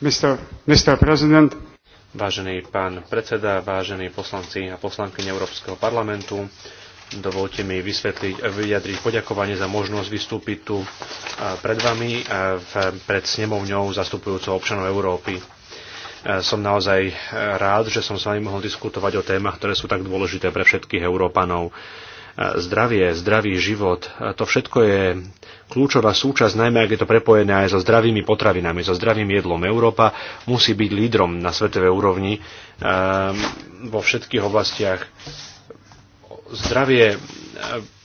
Mr. Mr. President. Vážený pán predseda, vážení poslanci a poslanky Európskeho parlamentu, dovolte mi vysvetliť, a vyjadriť poďakovanie za možnosť vystúpiť tu pred vami, a pred snemovňou zastupujúcou občanov Európy som naozaj rád, že som s vami mohol diskutovať o témach, ktoré sú tak dôležité pre všetkých Európanov zdravie, zdravý život. To všetko je kľúčová súčasť, najmä ak je to prepojené aj so zdravými potravinami, so zdravým jedlom. Európa musí byť lídrom na svetovej úrovni ehm, vo všetkých oblastiach. Zdravie eh,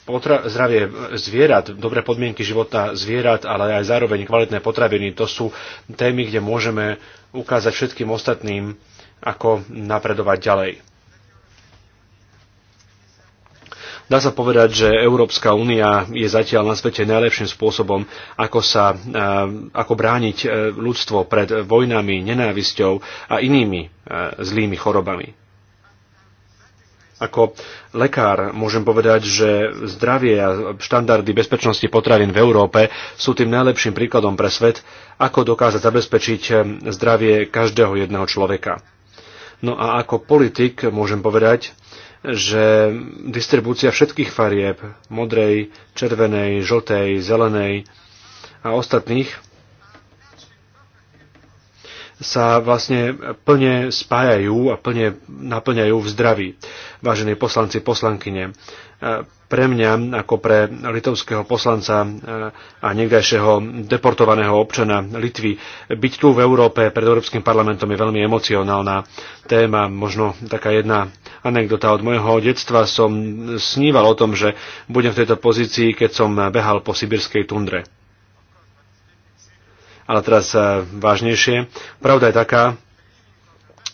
potra- zdravie zvierat, dobré podmienky života zvierat, ale aj zároveň kvalitné potraviny, to sú témy, kde môžeme ukázať všetkým ostatným, ako napredovať ďalej. Dá sa povedať, že Európska únia je zatiaľ na svete najlepším spôsobom, ako sa eh, ako brániť eh, ľudstvo pred vojnami, nenávisťou a inými eh, zlými chorobami. Ako lekár môžem povedať, že zdravie a štandardy bezpečnosti potravín v Európe sú tým najlepším príkladom pre svet, ako dokázať zabezpečiť zdravie každého jedného človeka. No a ako politik môžem povedať, že distribúcia všetkých farieb, modrej, červenej, žltej, zelenej a ostatných, sa vlastne plne spájajú a plne naplňajú v zdraví, vážení poslanci, poslankyne. E, pre mňa, ako pre litovského poslanca e, a niekdajšieho deportovaného občana Litvy, byť tu v Európe pred Európskym parlamentom je veľmi emocionálna téma, možno taká jedna anekdota od mojho detstva som sníval o tom, že budem v tejto pozícii, keď som behal po sibirskej tundre. Ale teraz eh, vážnejšie. Pravda je taká,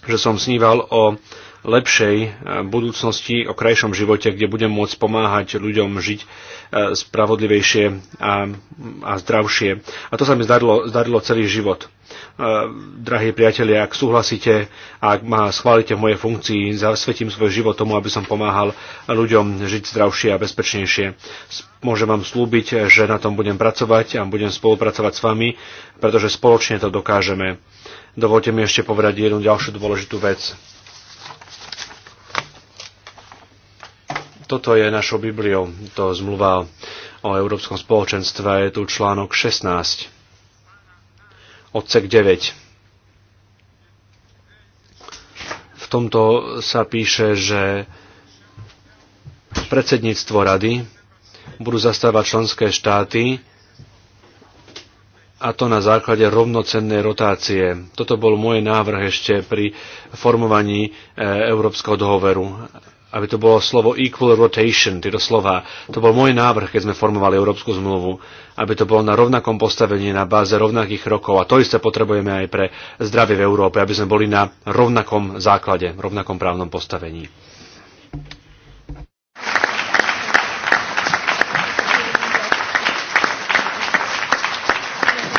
že som sníval o lepšej e, budúcnosti, o krajšom živote, kde budem môcť pomáhať ľuďom žiť e, spravodlivejšie a, a zdravšie. A to sa mi zdarilo, zdarilo celý život. E, drahí priatelia, ak súhlasíte a ak ma schválite v mojej funkcii, zasvetím svoj život tomu, aby som pomáhal ľuďom žiť zdravšie a bezpečnejšie. Môžem vám slúbiť, že na tom budem pracovať a budem spolupracovať s vami, pretože spoločne to dokážeme. Dovolte mi ešte povedať jednu ďalšiu dôležitú vec Toto je našou Bibliou, to zmluva o Európskom spoločenstve, je tu článok 16, odsek 9. V tomto sa píše, že predsedníctvo rady budú zastávať členské štáty a to na základe rovnocennej rotácie. Toto bol môj návrh ešte pri formovaní e, Európskeho dohoveru aby to bolo slovo equal rotation, tieto slova. To bol môj návrh, keď sme formovali Európsku zmluvu, aby to bolo na rovnakom postavení, na báze rovnakých rokov. A to isté potrebujeme aj pre zdravie v Európe, aby sme boli na rovnakom základe, rovnakom právnom postavení.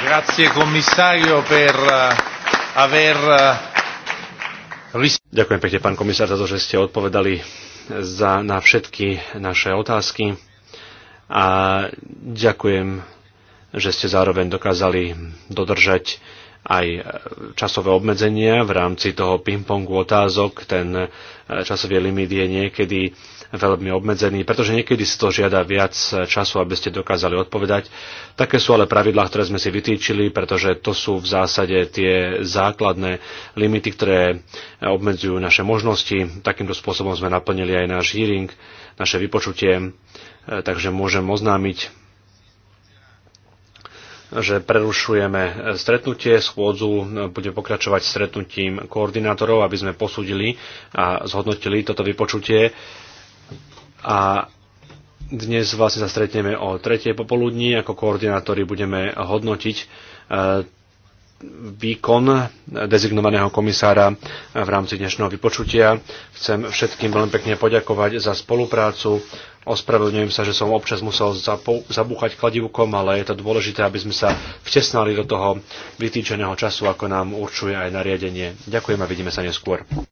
Grazie commissario per eh, aver eh, Ďakujem pekne, pán komisár, za to, že ste odpovedali za, na všetky naše otázky a ďakujem, že ste zároveň dokázali dodržať aj časové obmedzenia v rámci toho ping-pongu otázok. Ten e, časový limit je niekedy veľmi obmedzený, pretože niekedy si to žiada viac času, aby ste dokázali odpovedať. Také sú ale pravidlá, ktoré sme si vytýčili, pretože to sú v zásade tie základné limity, ktoré obmedzujú naše možnosti. Takýmto spôsobom sme naplnili aj náš hearing, naše vypočutie, e, takže môžem oznámiť že prerušujeme stretnutie, schôdzu bude pokračovať stretnutím koordinátorov, aby sme posúdili a zhodnotili toto vypočutie. A dnes vlastne sa stretneme o tretej popoludní, ako koordinátori budeme hodnotiť e, výkon dezignovaného komisára v rámci dnešného vypočutia. Chcem všetkým veľmi pekne poďakovať za spoluprácu. Ospravedlňujem sa, že som občas musel zabúchať kladivkom, ale je to dôležité, aby sme sa vtesnali do toho vytýčeného času, ako nám určuje aj nariadenie. Ďakujem a vidíme sa neskôr.